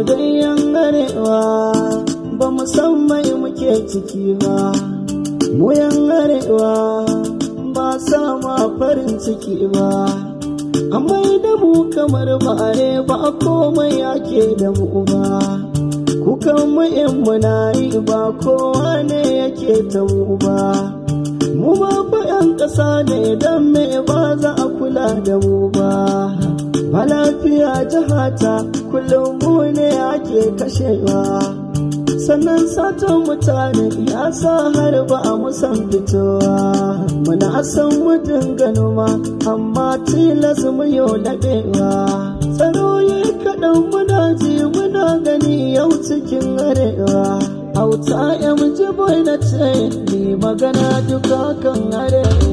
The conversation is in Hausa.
mu dai yan arewa ba mu san mai muke ciki ba mu yan arewa ba sama farin ciki ba amma da mu kamar ba are ba komai yake da mu ba kukan in muna ba kowa ne yake ta mu ba mu ba 'yan ƙasa ne don me ba za a kula da mu ba tafiya jihata kullum mu ne ake kashewa sannan sato mutane ya sa har ba a musan fitowa muna san mu dinga amma tilas mu yau labewa tsaro ya kaɗan muna ji muna gani yau cikin arewa auta ya mu ji na ce ni magana duka kan arewa